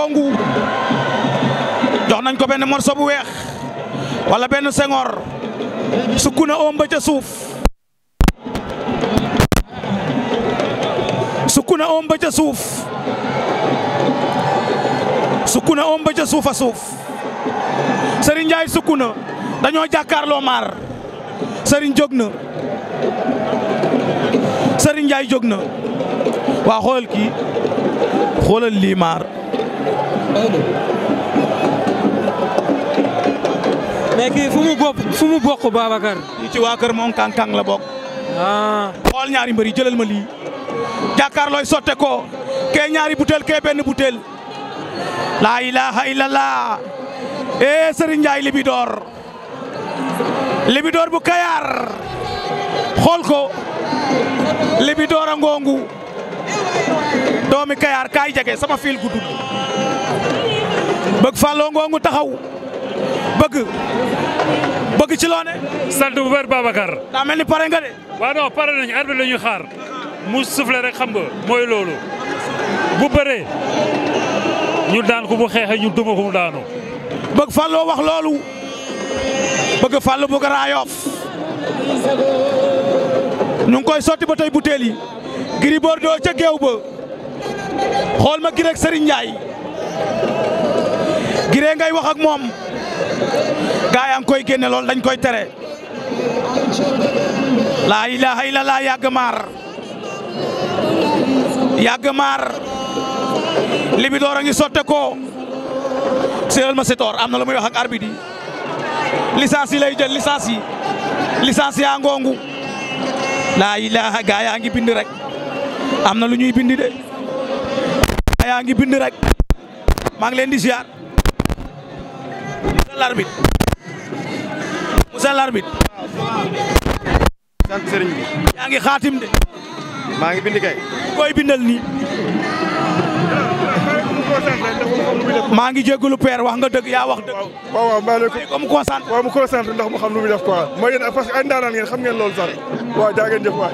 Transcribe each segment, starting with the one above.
Mpongu jox nañ ko benn morso bu weex walla benn sengoor sukk na oom ba ca suuf sukk na oom ba ca suuf sukk na oom ba ca suuf a suuf Serigne Ndiaye na dañoo jàkkaarloo maar sëriñ jóg na Serigne Ndiaye jóg na waa xoolal kii xoolal lii maar. mais kii fu mu bokk fu mu bokk Babacar. ci waa kër moom kànkang la bokk. ah. ñaari mbër yi jëlal ma lii. jàkkaarlooy sotte ko kee ñaari butéel kee benn butéel. laa ilaaha illallah. eh Serigne Ndiaye Libidor. Libidor bu Kayar. xool ko. Libidor a ngongu. doomi Kayar kaay jege sama fil guddul. bëgg Fallou ngoo taxaw bëgg bëgg ci loone sant bu wér Babacar. daa mel ni pare nga de. waaw non pare nañu arbitre la ñuy xaar mu soufflé rek xam nga mooy loolu bu bëree ñu daan ko bu xeexee ñu duma ko mu daanu. bëgg Fallou wax loolu bëgg Fallou bu Grand Yoff ñu ngi koy sotti ba tey butéel yi. Gris Bordeaux ca géew ba xool ma Gris ak Serigne Giré ngay wax ak moom gaa ngi koy génne lool dañ koy tere laa ilaaha illallah yàgg maar libidoor a ngi sotte ko séeréel ma setoor am na lu muy wax ak arbitre yi lay jël licence yi licence yaa ngoongu laa ilaaha gaa yaa ngi bind rek am na lu ñuy bind de gaa yaa ngi bind rek maa ngi leen di ziar l'arbitre monsieur l'arbitre sant sëriñ ngi xaatim de maa ngi bind kay koy bindal nii maa ngi jégalu père wax nga dëgg yaa wax dëgg. waaw waaw maa ko mu concentré. waaw ndax mu xam lu muy def quoi. mooy yéen parce que ay ndaanaan ngeen xam ngeen loolu sax waaw jaa ngeen jëf waay.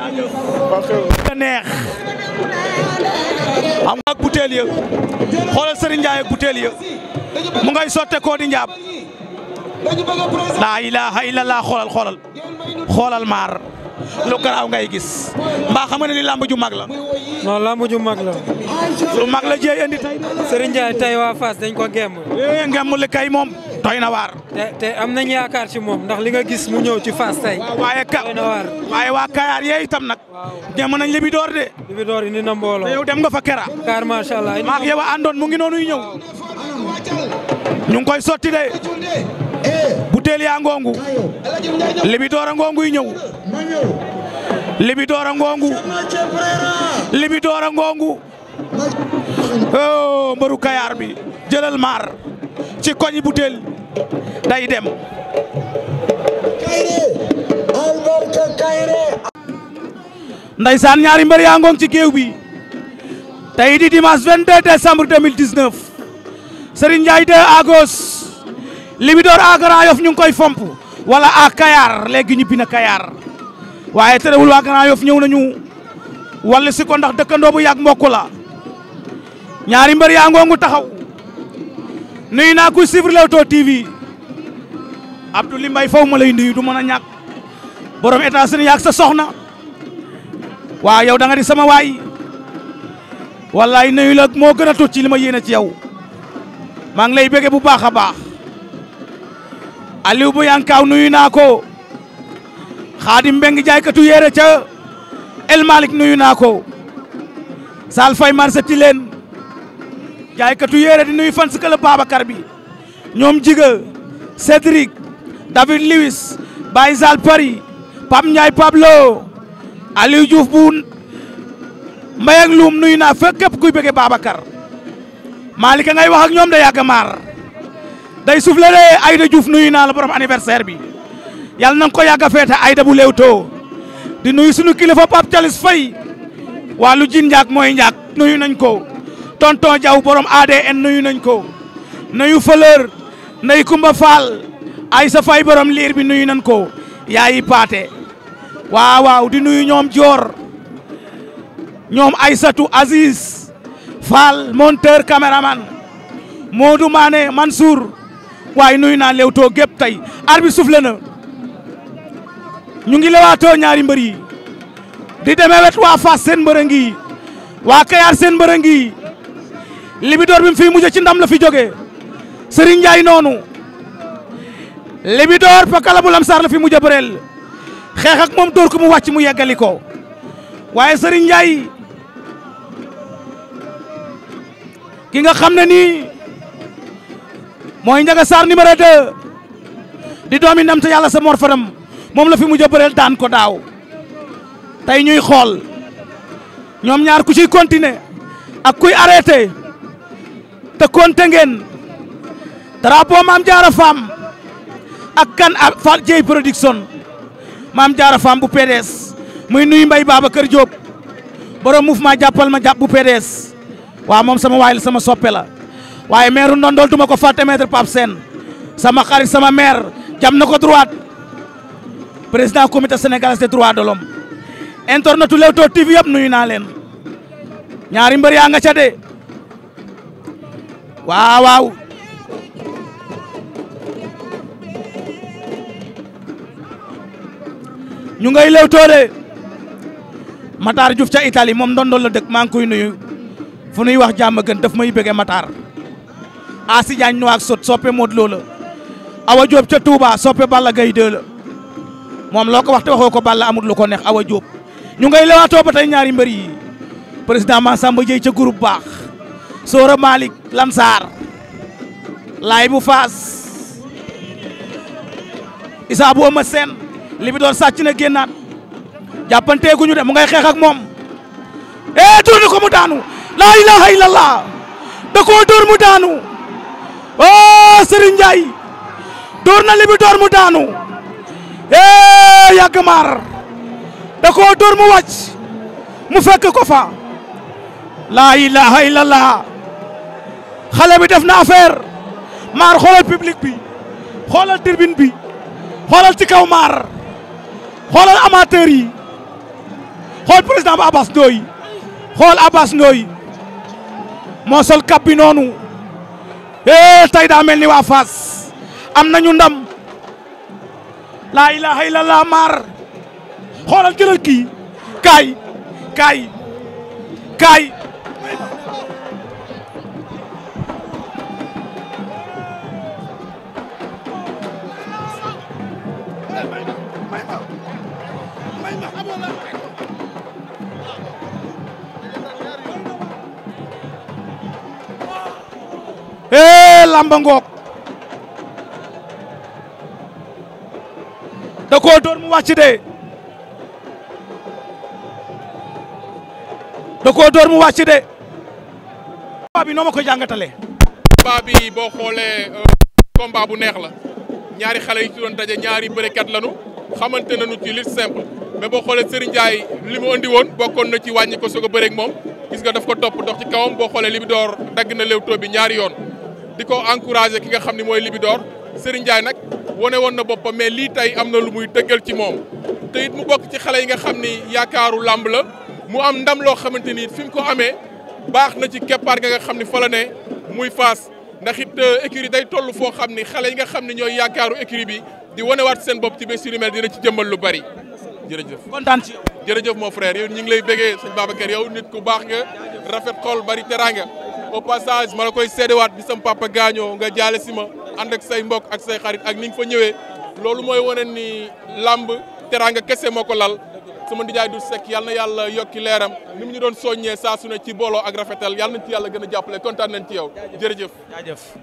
waaw xew nga ak butéel ya xoolal Serigne Ndiaye ak butéel ya mu ngay sotte koo njaab. laa ilaaha illallah xoolal xoolal xoolal maar lu garaaw ngay gis mbaa xam nga ne lamb ju mag la. non lamb ju mag la. lu mag la jéey andi tey. Serigne Ndiaye waa Fass dañ ko gemb. gemb li moom doy na waar. te am nañ yaakaar ci moom ndax li nga gis mu ñëw ci Fass tey. waaye ka waaye waa Kayar yee tam nag. waaw mën nañ li bi door de. li mbooloo. yow dem nga fa keraa Kaar macha allah. maa ngi yow a àndoon mu ngi noonuy ñëw. ñu ngi sotti de. Eh. butéel yaa ngongu Libidor a ngonguy ñëw Libidor a ngongu Libidor oh, mbaru kayaar bi jëlal maar ci koñ butéel day dem ndaysaan ñaari mbër yaa ngong ci géew bi tey di dimanche 22 décembre 2019 Serigne Agos Libidor à Grand Yoff ñu ngi koy fomp wala à Kayar léegi ñibbi na Kayar waaye terewul waa Grand Yoff ñëw nañu wala si ko ndax dëkkandoo bu yàgg mbokk la ñaari mbër yaa ngoongu taxaw nuyu naa kuy suivre Leewtoo TV Abdou Ly Mbaye faw ma lay nuyu du mën a ñàkk borom états yaag sa soxna waaw yow da di sama waay wallaay nuyu la moo gën a tuut ci li ma yéene ci yow maa ngi lay bëgge bu baax a baax. Aliou bu Yankaaw nuyu naa ko Xaadim Mbeng jaaykatu yére ca El Malick nuyu naa ko Sal Fay marché ti leen jaaykatu yére di nuyu fan si club Babacar bi ñoom Jiga Cédric David Lewis Baye Sal Paris Pam Ndiaye Pablo Aliou Diouf bu Mbayang Loum nuyu naa fekk kuy bëgge Babacar Malick a ngay wax ñoom da yàgg day soufflé Aïda Diouf nuyu naa la borom anniversaire bi yàlla na ko yàgg a ay Aïda bu Leewtoo di nuyu sunu kilifa Pape Thialis Faye waa lu jin njaak mooy njaak nuyu nañ ko tonton Diaw borom ADN nuyu nañ ko nuyu Fleur nay Kumba Fall ay Faye borom liir bi nuyu nañ ko yaayi paate waaw di nuyu ñoom Dior ñoom Aïssatou Aziz Fall monteur caméraman Modou Mané Mansour waaye nuyu naa Leewtoo gépp tey arbitre soufflé na ñu ngi lewaatoo ñaari mbër yi di demee wet waa Fass seen mbër a ngi waa Kayar seen mbër a ngi Libidor bi mu fi mujj ci ndam la fi jógee Serigne noonu Libidor pakala bu lamsaar la fi mujj bëreel xeex ak moom dóor ko mu wàcc mu yeggali ko waaye Serigne ki nga xam ne nii mooy Ndiaga Sarr numéro 2 di doomi nam te yàlla sa mor faram moom la fi mujj a bëreel daan ko daaw tey ñuy xool ñoom ñaar ku ciy continuer ak kuy arrêté te compté ngeen drapeau maam jaara faam ak kan ak Fat Dieye production maam jaara faam bu PDS muy nuyu kër Babacar Diop borom maa jàppal ma jàpp bu PDS waaw moom sama waay sama soppe waaye maire ndondol tuma ko fàtte maître Pape Sène sama xarit sama maire jam na ko droit président comité sénégalais des droits de l'homme internetu Leewtoo TV yëpp nuyu naa leen ñaari mbër yaa nga ca de waaw waaw ñu ngay Leewtoo de Matar Diouf ca Italie moom ndondol la dëkk maa ngi koy nuyu fu nuy wax jàmm gën daf may bëgge Matar Asi Diagne Nouakchott soppe Modou Lo la Awa Diop ca Touba soppe Balla Gaye 2 la moom loo ko wax ko Balla amut lu ko neex Awa Diop ñu ngay lewaatoo ba tey ñaari mbër yi président samba Dieye ca groupe baax Sora Malick Lansar laay bu faas Issa bu seen li bi doon sàcc na génnaat jàppanteeguñu de mu ngay xeex ak moom ee eh, dóor na mu daanu laa ilaha illallah da koo mu daanu oh Serigne Ndiaye door na Libidor mu daanu eh yàgg maar da koo mu wàcc mu fekk ko fa laa ilaha illallah xale bi def na affaire maar xoolal public bi xoolal tribune bi xoolal ci kaw maar xoolal amateur yi xool président ba Abbas Ndoye xool Abbas Ndoye moo sol kap bi noonu eh tey daa mel ni waa Fass am nañu ndam laa ilaha illallah maar xoolal jëlal kii kaay kaay kaay lamba ngoog da koo door mu wàcc de da koo dóor mu wàcc de combat bi noo ma ko jàngatale combat bi boo xoolee euh, combat bu neex la ñaari xale yi ci doon daje ñaari bërekat lanu xamante nañu ci lutte simple mais boo xoolee Serigne li mu andi woon bokkoon na ci wàññi ko soog a bëreeg moom gis nga daf ko topp dox ci kawam boo xoolee li bi door dagg na léewtoo bi ñaari yoon di ko encouragé ki nga xam ne mooy Libidor Serigne nag wone woon na boppam mais lii tey am na lu muy dëggal ci moom te mu bokk ci xale yi nga xam ni yaakaaru làmb la mu am ndam loo xamante ni fi mu ko amee baax na ci keppaar ga nga xam ni fa la ne muy faas ndax it euh, écurie day toll foo xam ni xale yi nga xam ne ñooy yaakaaru écurie bi di wanewaat seen bopp ci bés yu mel dina ci jëmbal lu bari jërëjëf. kontaan ci yow. jërëjëf mon frère ñu ngi lay bégee sëñ Babacar yow nit ku baax nga rafet xol bari teraanga. au passage la koy seedewaat bi sam papa gaaño nga jaale si ma ànd ak say mbokk ak say xarit ak ni nga fa ñëwee loolu mooy wane ni làmb teraanga kese moo ko lal sama ndijaay du sekk yal na yàlla yokki leeram ni mu ñu doon soññee saa su ne ci booloo ak rafetal yal nañ ci yàlla gën a jàppale kontaan nañ ci yow jërëjëf.